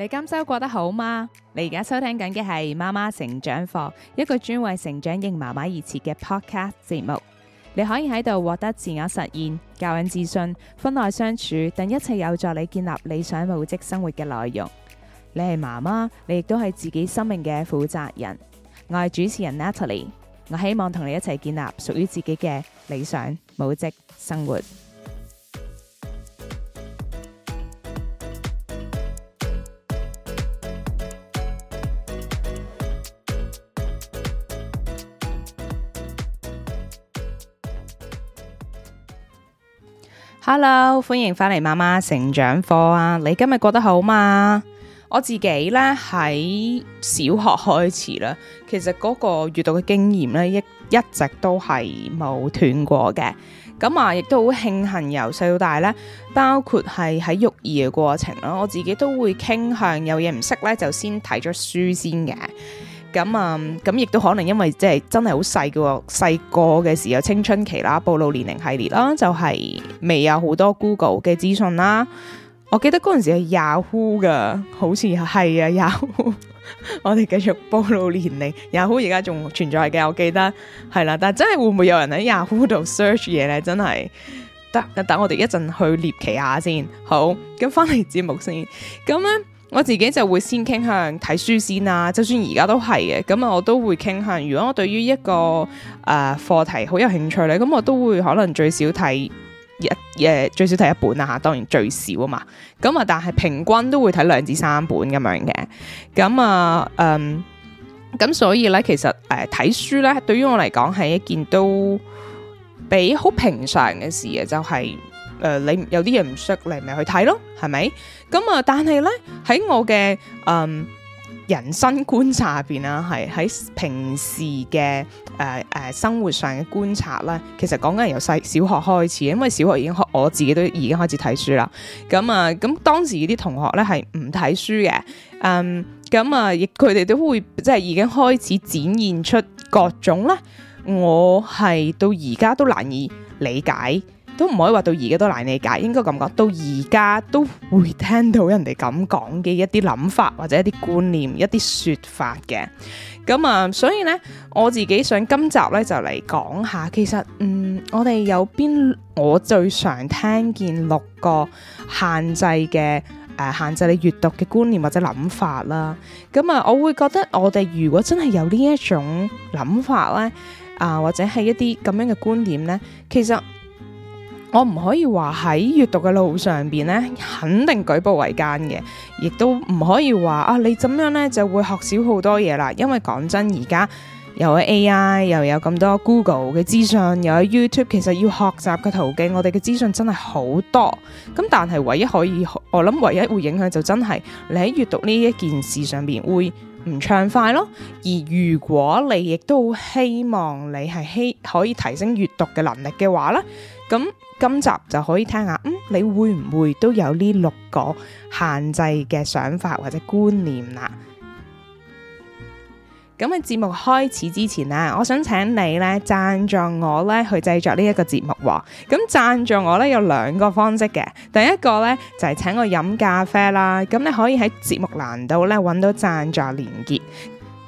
你今週過得好嗎？你而家收聽緊嘅係媽媽成長課，一個專為成長型媽媽而設嘅 podcast 節目。你可以喺度獲得自我實現、教養自信、婚外相處等一切有助你建立理想母職生活嘅內容。你係媽媽，你亦都係自己生命嘅負責人。我係主持人 Natalie，我希望同你一齊建立屬於自己嘅理想母職生活。Hello，歡迎翻嚟媽媽成長課啊！你今日過得好嗎？我自己呢，喺小學開始啦，其實嗰個閱讀嘅經驗呢，一一直都係冇斷過嘅。咁、嗯、啊，亦都好慶幸由細到大呢，包括係喺育兒嘅過程咯，我自己都會傾向有嘢唔識呢，就先睇咗書先嘅。咁啊，咁亦都可能因為即係真係好細嘅細個嘅時候，青春期啦，暴露年齡系列啦，就係、是、未有好多 Google 嘅資訊啦。我記得嗰陣時係 Yahoo 噶好似係啊 Yahoo。 我哋繼續暴露年齡，Yahoo 而家仲存在嘅，我記得係啦、啊。但真係會唔會有人喺 Yahoo 度 search 嘢咧？真係得等我哋一陣去獵奇下先。好，咁翻嚟節目先，咁、嗯、咧。嗯嗯嗯嗯嗯嗯嗯我自己就會先傾向睇書先啦、啊，就算而家都係嘅，咁啊我都會傾向，如果我對於一個誒、呃、課題好有興趣咧，咁我都會可能最少睇一誒最少睇一本啊，當然最少啊嘛，咁啊但係平均都會睇兩至三本咁樣嘅，咁啊、呃、嗯，咁所以咧其實誒睇、呃、書咧對於我嚟講係一件都比好平常嘅事嘅，就係、是。誒、呃，你有啲嘢唔識，你咪去睇咯，係咪？咁啊，但係咧喺我嘅誒、呃、人生觀察入邊啦，係喺平時嘅誒誒生活上嘅觀察啦，其實講緊由細小學開始，因為小學已經開，我自己都已經開始睇書啦。咁啊，咁當時啲同學咧係唔睇書嘅，嗯，咁啊，亦佢哋都會即係已經開始展現出各種咧，我係到而家都難以理解。都唔可以話到而家都難理解，應該咁講，到而家都會聽到人哋咁講嘅一啲諗法或者一啲觀念、一啲說法嘅。咁啊，所以呢，我自己想今集呢就嚟講下，其實嗯，我哋有邊我最常聽見六個限制嘅誒、呃，限制你閱讀嘅觀念或者諗法啦。咁啊，我會覺得我哋如果真係有呢一種諗法呢，啊、呃、或者係一啲咁樣嘅觀點呢，其實。我唔可以話喺閱讀嘅路上邊咧，肯定舉步維艱嘅，亦都唔可以話啊，你怎樣咧就會學少好多嘢啦。因為講真，而家又有 AI，又有咁多 Google 嘅資訊，又有 YouTube，其實要學習嘅途徑，我哋嘅資訊真係好多。咁但係唯一可以，我諗唯一會影響就真係你喺閱讀呢一件事上邊會唔暢快咯。而如果你亦都希望你係希可以提升閱讀嘅能力嘅話咧。咁、嗯、今集就可以聽下，嗯，你會唔會都有呢六個限制嘅想法或者觀念啦？咁喺節目開始之前呢，我想請你咧贊助我咧去製作呢一個節目，哦。咁贊助我咧有兩個方式嘅，第一個咧就係、是、請我飲咖啡啦。咁你可以喺節目欄度咧搵到贊助連結。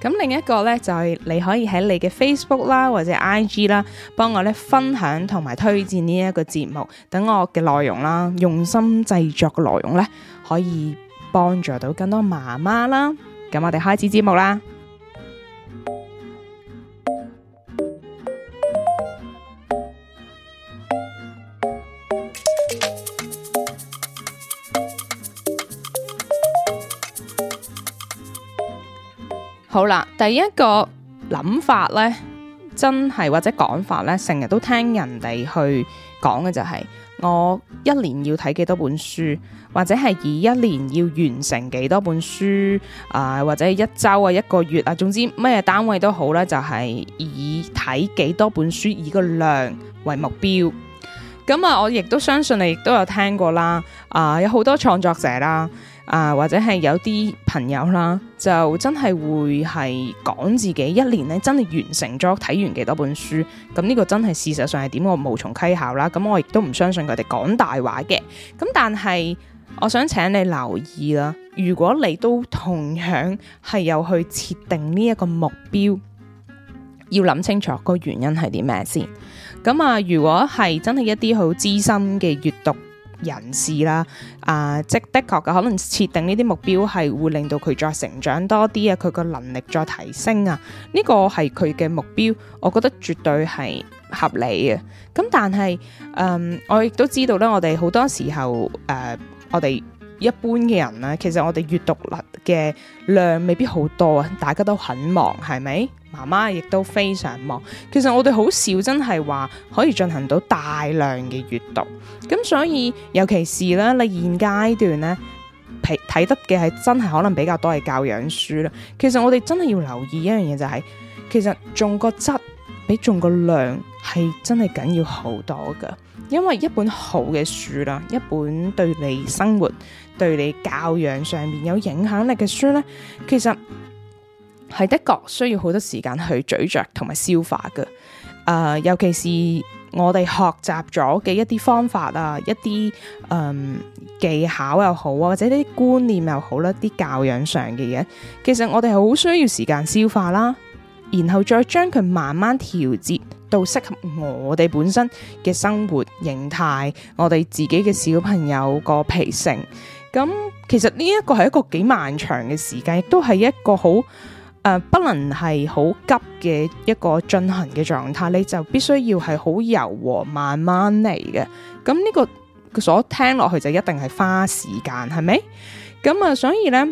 咁另一個咧就係、是，你可以喺你嘅 Facebook 啦或者 IG 啦，幫我咧分享同埋推薦呢一個節目，等我嘅內容啦，用心製作嘅內容咧，可以幫助到更多媽媽啦。咁我哋開始節目啦。好啦，第一個諗法咧，真係或者講法咧，成日都聽人哋去講嘅就係、是，我一年要睇幾多本書，或者係以一年要完成幾多本書啊、呃，或者一周啊，一個月啊，總之咩單位都好啦，就係、是、以睇幾多本書以個量為目標。咁啊，我亦都相信你亦都有聽過啦，啊、呃，有好多創作者啦。啊，或者係有啲朋友啦，就真係會係講自己一年咧，真係完成咗睇完幾多本書。咁呢個真係事實上係點？我無從稽考啦。咁我亦都唔相信佢哋講大話嘅。咁但係，我想請你留意啦。如果你都同樣係有去設定呢一個目標，要諗清楚個原因係點咩先。咁啊，如果係真係一啲好資深嘅閱讀。人士啦，啊、呃，即的確嘅可能設定呢啲目標係會令到佢再成長多啲啊，佢個能力再提升啊，呢、呢個係佢嘅目標，我覺得絕對係合理嘅。咁但係，嗯，呃、我亦都知道咧，我哋好多時候，誒、呃，我哋。一般嘅人呢，其實我哋閱讀率嘅量未必好多啊，大家都很忙，係咪？媽媽亦都非常忙。其實我哋好少真係話可以進行到大量嘅閱讀，咁所以尤其是咧，你現階段呢，睇得嘅係真係可能比較多係教養書啦。其實我哋真係要留意一樣嘢就係，其實重個質比重個量係真係緊要好多㗎，因為一本好嘅書啦，一本對你生活，對你教養上面有影響力嘅書呢，其實係的確需要好多時間去咀嚼同埋消化嘅。誒、呃，尤其是我哋學習咗嘅一啲方法啊，一啲誒、嗯、技巧又好啊，或者呢啲觀念又好啦，啊，啲教養上嘅嘢，其實我哋係好需要時間消化啦，然後再將佢慢慢調節到適合我哋本身嘅生活形態，我哋自己嘅小朋友個脾性。咁其實呢一個係一個幾漫長嘅時間，亦都係一個好誒不能係好急嘅一個進行嘅狀態，你就必須要係好柔和慢慢嚟嘅。咁呢個所聽落去就一定係花時間，係咪？咁啊，所以咧，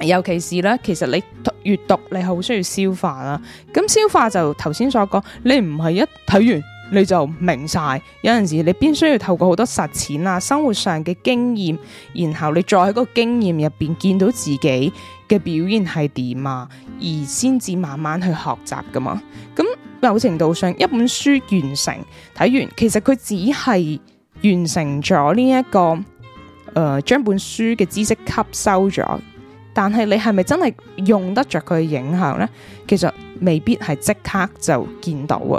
尤其是咧，其實你閱讀你好需要消化啦。咁消化就頭先所講，你唔係一睇完。你就明晒，有陣時你必須要透過好多實踐啊，生活上嘅經驗，然後你再喺個經驗入邊見到自己嘅表現係點啊，而先至慢慢去學習噶嘛。咁某程度上，一本書完成睇完，其實佢只係完成咗呢一個，誒、呃，將本書嘅知識吸收咗，但係你係咪真係用得着佢嘅影響呢？其實。未必係即刻就見到啊！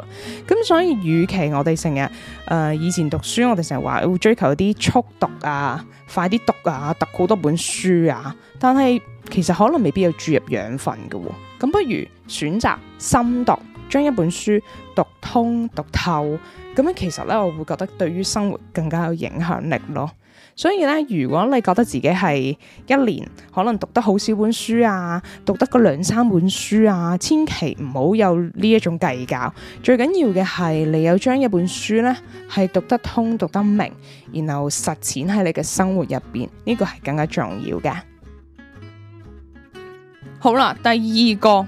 咁所以，與其我哋成日誒以前讀書，我哋成日話要追求啲速讀啊、快啲讀啊、讀好多本書啊，但係其實可能未必有注入養分嘅喎、哦。咁不如選擇深讀，將一本書讀通讀透。咁樣其實呢，我會覺得對於生活更加有影響力咯。所以咧，如果你覺得自己係一年可能讀得好少本書啊，讀得嗰兩三本書啊，千祈唔好有呢一種計較。最緊要嘅係你有將一本書呢係讀得通、讀得明，然後實踐喺你嘅生活入邊，呢個係更加重要嘅。好啦，第二個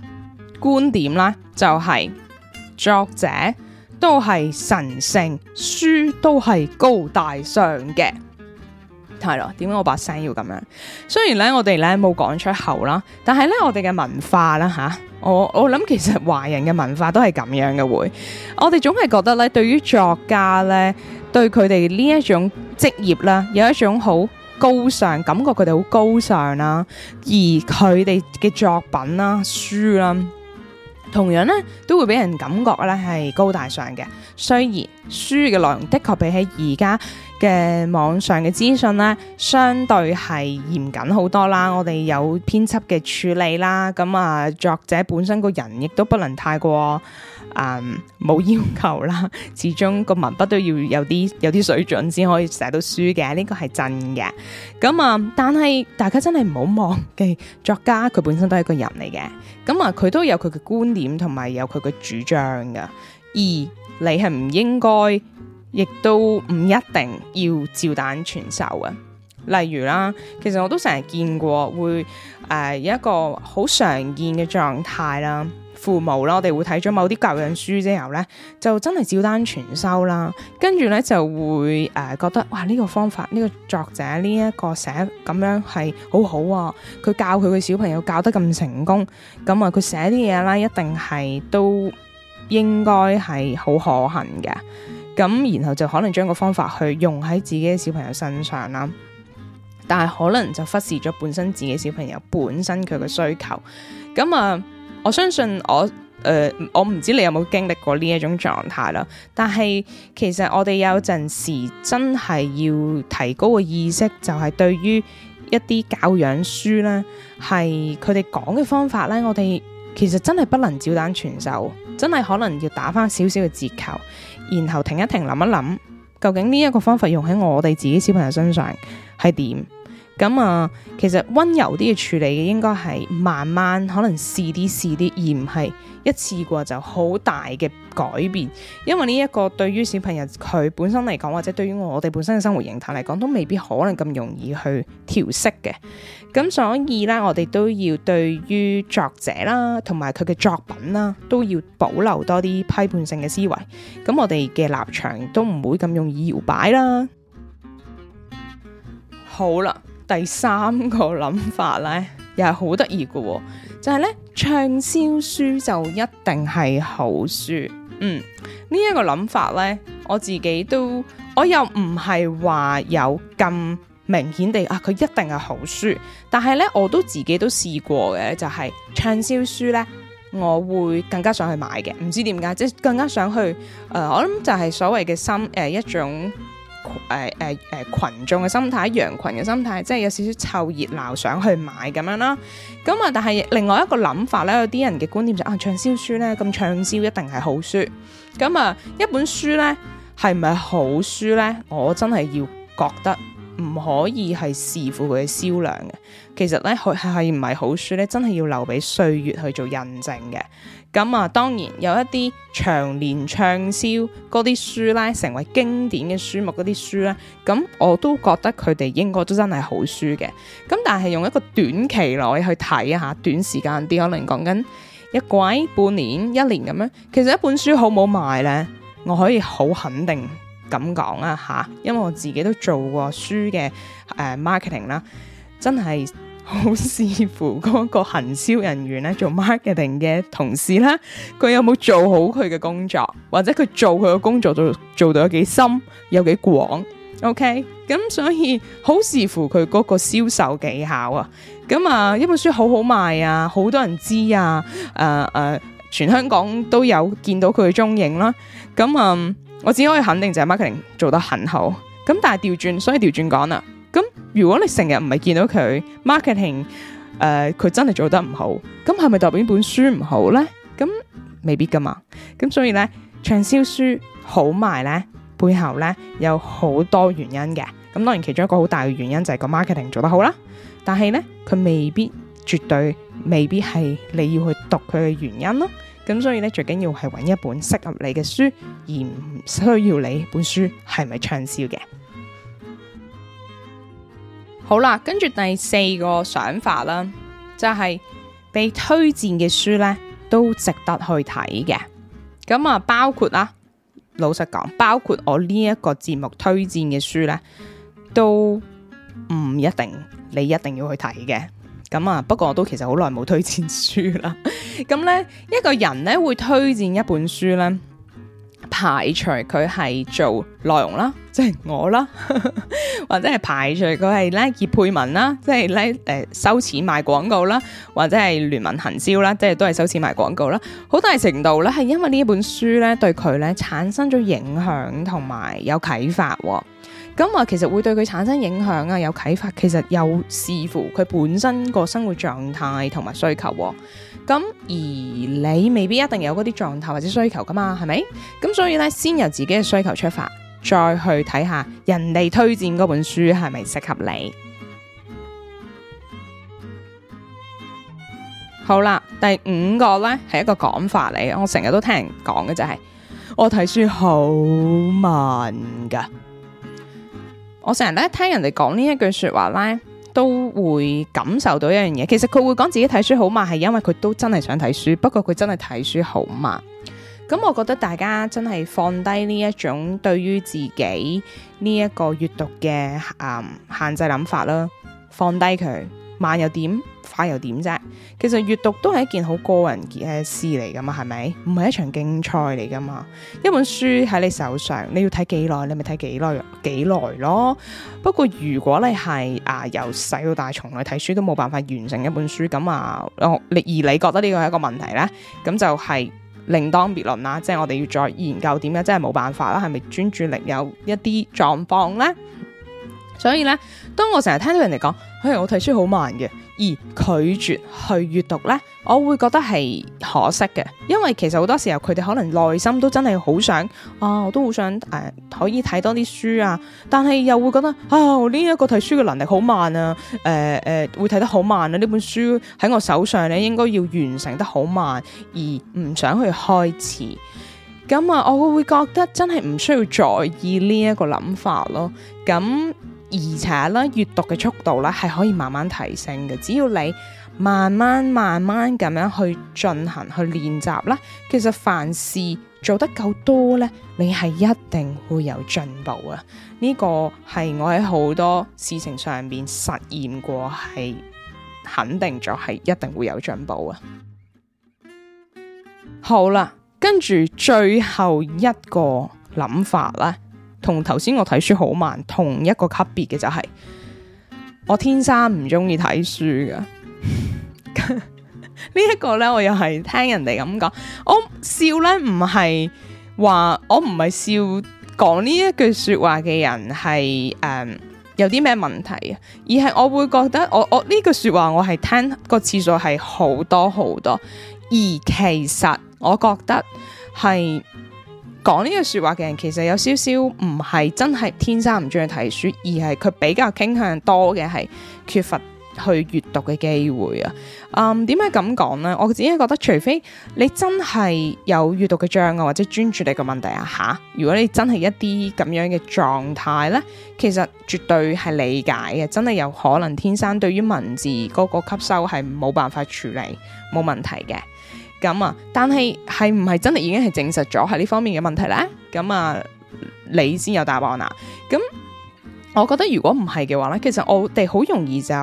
觀點咧就係作者都係神聖，書都係高大上嘅。係咯，點解我把聲要咁樣？雖然咧，我哋咧冇講出口啦，但係咧，我哋嘅文化啦吓、啊，我我諗其實華人嘅文化都係咁樣嘅。會，我哋總係覺得咧，對於作家咧，對佢哋呢一種職業啦，有一種好高尚感覺，佢哋好高尚啦。而佢哋嘅作品啦、書啦，同樣咧都會俾人感覺咧係高大上嘅。雖然書嘅內容的確比起而家。嘅網上嘅資訊呢，相對係嚴謹好多啦。我哋有編輯嘅處理啦，咁啊，作者本身個人亦都不能太過啊冇、嗯、要求啦。始終個文筆都要有啲有啲水準先可以寫到書嘅，呢個係真嘅。咁啊，但係大家真係唔好忘記作家佢本身都係一個人嚟嘅，咁啊佢都有佢嘅觀點同埋有佢嘅主張㗎。而你係唔應該。亦都唔一定要照單全收啊。例如啦，其實我都成日見過會，會、呃、有一個好常見嘅狀態啦。父母啦，我哋會睇咗某啲教養書之後咧，就真係照單全收啦。跟住咧就會誒、呃、覺得哇，呢、呢個方法呢、呢個作者呢一、呢個寫咁樣係好好啊。佢教佢嘅小朋友教得咁成功，咁啊佢寫啲嘢啦，一定係都應該係好可行嘅。咁，然後就可能將個方法去用喺自己嘅小朋友身上啦，但係可能就忽視咗本身自己小朋友本身佢嘅需求。咁、嗯、啊，我相信我誒、呃，我唔知你有冇經歷過呢一種狀態啦。但係其實我哋有陣時真係要提高個意識，就係對於一啲教養書呢，係佢哋講嘅方法呢，我哋其實真係不能照單全收，真係可能要打返少少嘅折扣。然後停一停，諗一諗，究竟呢一個方法用喺我哋自己小朋友身上係點？咁啊、嗯，其實溫柔啲嘅處理嘅應該係慢慢，可能試啲試啲，而唔係一次過就好大嘅改變。因為呢一個對於小朋友佢本身嚟講，或者對於我哋本身嘅生活形態嚟講，都未必可能咁容易去調適嘅。咁所以咧，我哋都要對於作者啦，同埋佢嘅作品啦，都要保留多啲批判性嘅思維。咁我哋嘅立場都唔會咁容易搖擺啦。好啦。第三個諗法咧，又係好得意嘅喎，就係咧暢銷書就一定係好書。嗯，這個、呢一個諗法咧，我自己都我又唔係話有咁明顯地啊，佢一定係好書。但係咧，我都自己都試過嘅，就係暢銷書咧，我會更加想去買嘅。唔知點解，即、就、係、是、更加想去。誒、呃，我諗就係所謂嘅心誒一種。誒誒誒，群眾嘅心態，羊群嘅心態，即係有少少湊熱鬧想去買咁樣啦。咁、嗯、啊，但係另外一個諗法咧，有啲人嘅觀念就是、啊，暢銷書咧，咁暢銷一定係好書。咁、嗯、啊、嗯，一本書咧係咪好書咧？我真係要覺得。唔可以係視乎佢嘅銷量嘅，其實咧，佢係唔係好書咧，真係要留俾歲月去做印證嘅。咁、嗯、啊，當然有一啲長年暢銷嗰啲書啦，成為經典嘅書目嗰啲書咧，咁、嗯、我都覺得佢哋應該都真係好書嘅。咁、嗯、但係用一個短期內去睇一下，短時間啲可能講緊一季、半年、一年咁樣，其實一本書好唔好賣咧，我可以好肯定。咁講啊吓，因為我自己都做過書嘅誒、呃、marketing 啦，真係好視乎嗰個行銷人員咧做 marketing 嘅同事咧，佢有冇做好佢嘅工作，或者佢做佢嘅工作做做到有幾深，有幾廣？OK，咁、嗯、所以好視乎佢嗰個銷售技巧啊。咁、嗯、啊，一本書好好賣啊，好多人知啊，誒、呃、誒、呃，全香港都有見到佢嘅蹤影啦。咁、嗯、啊。嗯我只可以肯定就係 marketing 做得很好，咁但係調轉，所以調轉講啦。咁如果你成日唔係見到佢 marketing，誒、呃、佢真係做得唔好，咁係咪代表本書唔好咧？咁未必噶嘛。咁所以咧，暢銷書好賣咧，背後咧有好多原因嘅。咁當然其中一個好大嘅原因就係個 marketing 做得好啦。但係咧，佢未必絕對未必係你要去讀佢嘅原因咯。咁所以咧，最緊要係揾一本適合你嘅書，而唔需要你本書係咪暢銷嘅。好啦，跟住第四個想法啦，就係被推薦嘅書呢，都值得去睇嘅。咁啊，包括啦，老實講，包括我呢一個節目推薦嘅書呢，都唔一定你一定要去睇嘅。咁啊，不過我都其實好耐冇推薦書啦。咁 咧，一個人咧會推薦一本書咧，排除佢係做內容啦，即係我啦， 或者係排除佢係咧業配文啦，即係咧誒收錢賣廣告啦，或者係聯盟行銷啦，即係都係收錢賣廣告啦。好大程度咧係因為呢一本書咧對佢咧產生咗影響同埋有啟發喎。咁啊、嗯，其實會對佢產生影響啊，有啟發。其實又視乎佢本身個生活狀態同埋需求喎、啊。咁、嗯、而你未必一定有嗰啲狀態或者需求噶、啊、嘛，係咪？咁、嗯、所以咧，先由自己嘅需求出發，再去睇下人哋推薦嗰本書係咪適合你。好啦，第五個咧係一個講法嚟嘅，我成日都聽人講嘅就係、是，我睇書好慢噶。我成日咧聽人哋講呢一句說話咧，都會感受到一樣嘢。其實佢會講自己睇書好慢，係因為佢都真係想睇書，不過佢真係睇書好慢。咁我覺得大家真係放低呢一種對於自己呢一個閲讀嘅嗯限制諗法啦，放低佢，慢又點？快又點啫？其實閲讀都係一件好個人嘅事嚟㗎嘛，係咪？唔係一場競賽嚟㗎嘛。一本書喺你手上，你要睇幾耐，你咪睇幾耐幾耐咯。不過如果你係啊由細到大從來睇書都冇辦法完成一本書咁啊，我你而你覺得呢個係一個問題呢？咁就係另當別論啦。即係我哋要再研究點樣，真係冇辦法啦、啊，係咪專注力有一啲狀況呢？所以咧，當我成日聽到人哋講，哎，我睇書好慢嘅，而拒絕去閱讀咧，我會覺得係可惜嘅，因為其實好多時候佢哋可能內心都真係好想，啊，我都好想誒、呃，可以睇多啲書啊，但係又會覺得啊，呢一個睇書嘅能力好慢啊，誒、呃、誒、呃，會睇得好慢啊，呢本書喺我手上咧，應該要完成得好慢，而唔想去開始，咁啊，我會覺得真係唔需要在意呢一個諗法咯，咁。而且咧，閱讀嘅速度咧係可以慢慢提升嘅。只要你慢慢、慢慢咁樣去進行去練習啦，其實凡事做得夠多咧，你係一定會有進步啊！呢個係我喺好多事情上面實驗過，係肯定咗係一定會有進步啊！好啦，跟住最後一個諗法啦。同頭先我睇書好慢，同一個級別嘅就係我天生唔中意睇書噶。呢一個呢，我又係聽人哋咁講，我笑呢，唔係話我唔係笑講呢一句說話嘅人係誒、呃、有啲咩問題啊，而係我會覺得我我呢句說話我係聽個次數係好多好多，而其實我覺得係。講呢個說話嘅人其實有少少唔係真係天生唔中意睇書，而係佢比較傾向多嘅係缺乏去閱讀嘅機會啊。嗯，點解咁講呢？我自己覺得，除非你真係有閱讀嘅障礙或者專注力嘅問題啊吓，如果你真係一啲咁樣嘅狀態呢，其實絕對係理解嘅，真係有可能天生對於文字嗰個吸收係冇辦法處理，冇問題嘅。咁啊，但係係唔係真係已經係證實咗係呢方面嘅問題咧？咁啊，你先有答案啦啊。咁，我覺得如果唔係嘅話咧，其實我哋好容易就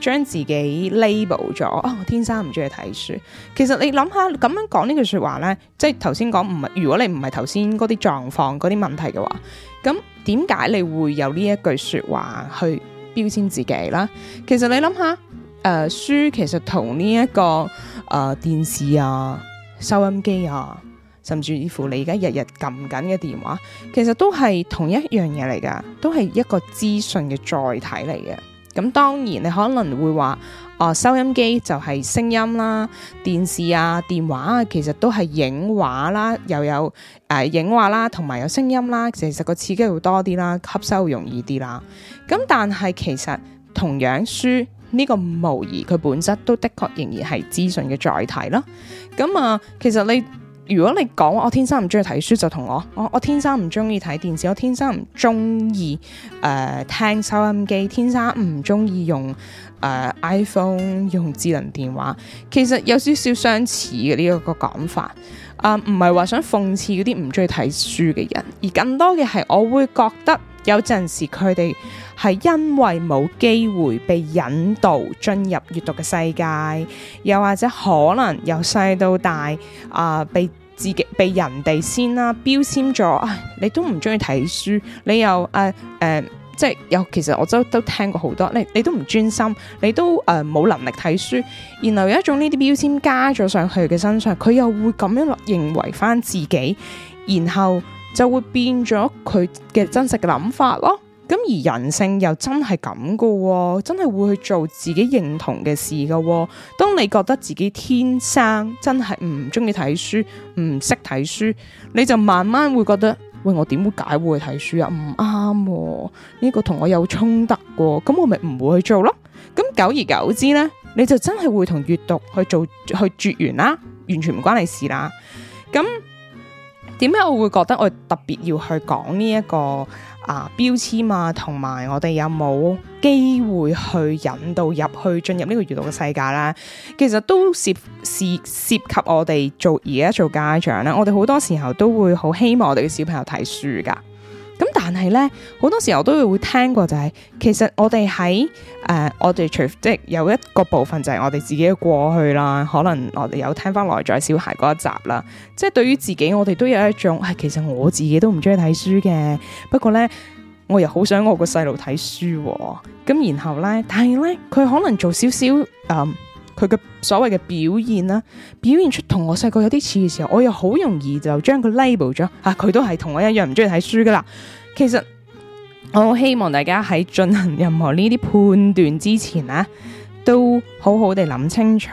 將自己 label 咗。哦，天生唔中意睇書。其實你諗下，咁樣講呢句說話咧，即係頭先講唔係，如果你唔係頭先嗰啲狀況、嗰啲問題嘅話，咁點解你會有呢一句說話去標籤自己啦？其實你諗下。誒、呃，書其實同呢一個誒、呃、電視啊、收音機啊，甚至乎你而家日日撳緊嘅電話，其實都係同一樣嘢嚟㗎，都係一個資訊嘅載體嚟嘅。咁當然你可能會話，哦、呃，收音機就係聲音啦，電視啊、電話啊，其實都係影畫啦，又有誒、呃、影畫啦，同埋有聲音啦，其實個刺激會多啲啦，吸收會容易啲啦。咁但係其實同樣書。呢個模擬佢本質都的確仍然係資訊嘅載體啦。咁、嗯、啊，其實你如果你講我天生唔中意睇書，就同我我我天生唔中意睇電視，我天生唔中意誒聽收音機，天生唔中意用誒、呃、iPhone 用智能電話，其實有少少相似嘅呢一個講法啊，唔係話想諷刺嗰啲唔中意睇書嘅人，而更多嘅係我會覺得。有陣時佢哋係因為冇機會被引導進入閱讀嘅世界，又或者可能由細到大啊、呃，被自己、被人哋先啦、啊、標籤咗，你都唔中意睇書，你又誒誒、呃呃，即係又其實我都都聽過好多，你你都唔專心，你都誒冇、呃、能力睇書，然後有一種呢啲標籤加咗上去嘅身上，佢又會咁樣落認為返自己，然後。就會變咗佢嘅真實嘅諗法咯。咁而人性又真係咁噶，真係會去做自己認同嘅事噶喎。當你覺得自己天生真係唔中意睇書，唔識睇書，你就慢慢會覺得，喂，我點解會去睇書啊？唔啱喎，呢個同我有衝突噶喎，咁我咪唔會去做咯。咁久而久之呢，你就真係會同閱讀去做去絕緣啦，完全唔關你事啦。咁。點解我會覺得我特別要去講呢、這、一個啊、呃、標籤啊，同埋我哋有冇機會去引導入去進入呢個閱讀嘅世界呢？其實都涉涉涉及我哋做而家做家長啦。我哋好多時候都會好希望我哋嘅小朋友睇書㗎。咁但係咧，好多時候都會聽過就係、是，其實我哋喺誒，我哋除即係有一個部分就係我哋自己嘅過去啦，可能我哋有聽翻內在小孩嗰一集啦，即係對於自己我哋都有一種，誒、哎，其實我自己都唔中意睇書嘅，不過咧我又好想我個細路睇書，啊，咁然後咧，但係咧佢可能做少少誒，嗯佢嘅所謂嘅表現啦，表現出同我細個有啲似嘅時候，我又好容易就將佢 label 咗嚇，佢、啊、都係同我一樣唔中意睇書噶啦。其實我希望大家喺進行任何呢啲判斷之前啊，都好好地諗清楚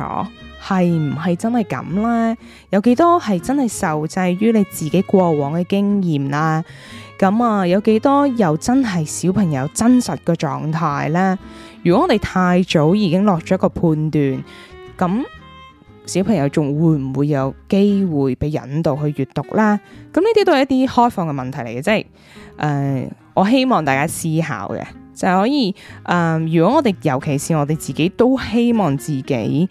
係唔係真係咁呢？有幾多係真係受制於你自己過往嘅經驗啦？咁啊，有幾多又真係小朋友真實嘅狀態呢？如果我哋太早已經落咗一個判斷，咁小朋友仲會唔會有機會被引導去閱讀咧？咁呢啲都係一啲開放嘅問題嚟嘅，即係誒，我希望大家思考嘅就係可以誒、呃。如果我哋尤其是我哋自己都希望自己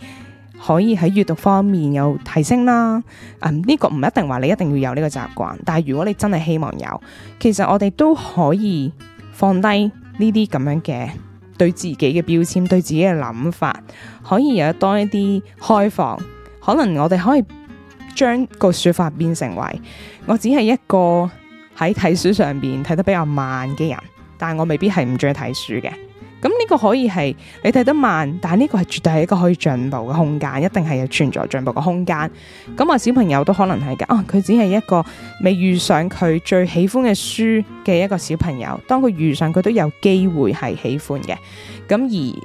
可以喺閱讀方面有提升啦，嗯、呃，呢、呢個唔一定話你一定要有呢個習慣，但係如果你真係希望有，其實我哋都可以放低呢啲咁樣嘅。對自己嘅標籤，對自己嘅諗法，可以有多一啲開放。可能我哋可以將個說法變成為：我只係一個喺睇書上邊睇得比較慢嘅人，但我未必係唔中意睇書嘅。咁呢個可以係你睇得慢，但係呢個係絕對係一個可以進步嘅空間，一定係有存在進步嘅空間。咁啊，小朋友都可能係㗎，啊、哦，佢只係一個未遇上佢最喜歡嘅書嘅一個小朋友，當佢遇上，佢都有機會係喜歡嘅。咁而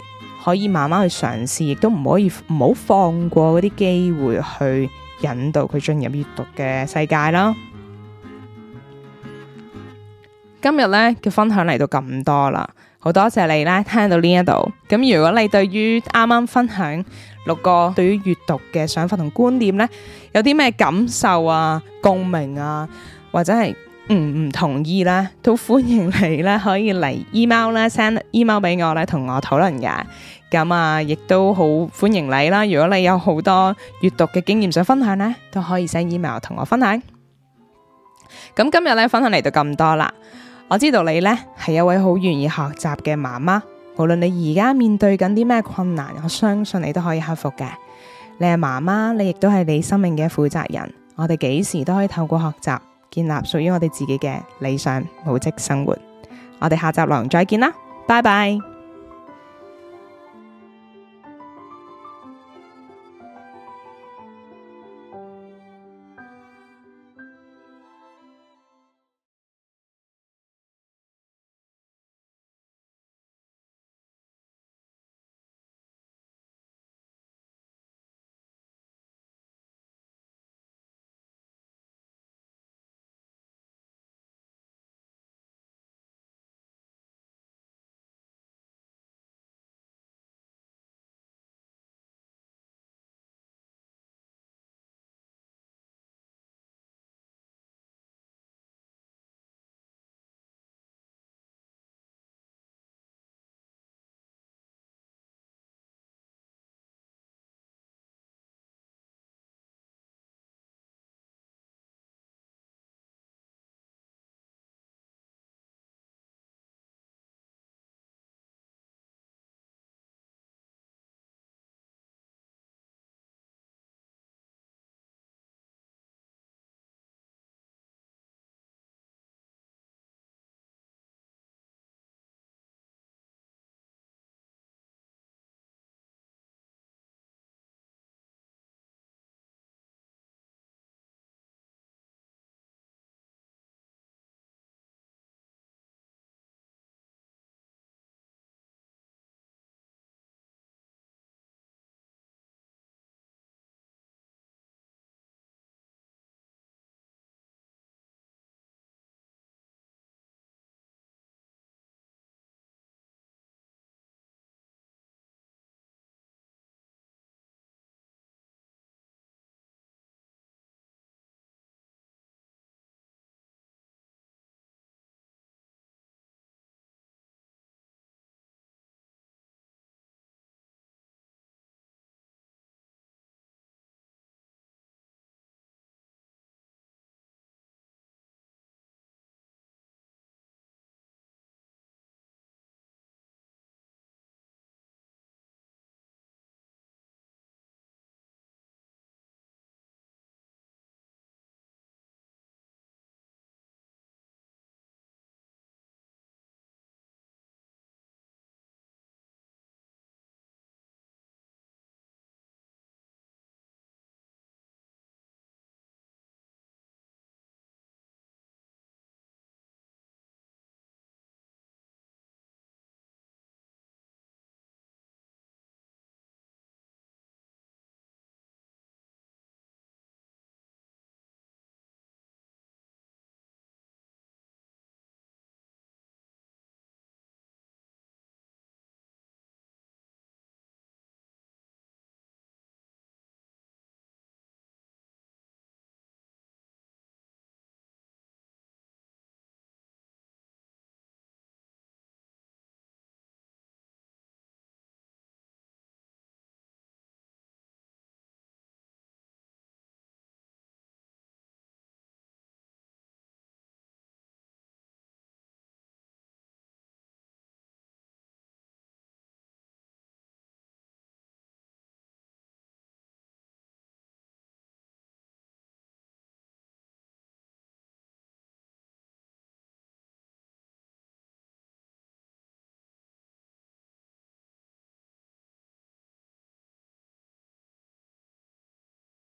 可以慢慢去嘗試，亦都唔可以唔好放過嗰啲機會去引導佢進入閱讀嘅世界啦。 今日呢，嘅分享嚟到咁多啦。好多謝你咧，聽到呢一度。咁如果你對於啱啱分享六個對於閱讀嘅想法同觀點咧，有啲咩感受啊、共鳴啊，或者係唔唔同意咧，都歡迎你咧可以嚟 email 咧 send email 俾我咧，同我討論嘅。咁啊，亦都好歡迎你啦。如果你有好多閱讀嘅經驗想分享咧，都可以 send email 同我分享。咁今日咧分享嚟到咁多啦。我知道你呢，係一位好願意學習嘅媽媽，無論你而家面對緊啲咩困難，我相信你都可以克服嘅。你係媽媽，你亦都係你生命嘅負責人。我哋幾時都可以透過學習，建立屬於我哋自己嘅理想母職生活。我哋下集嚟再見啦，拜拜。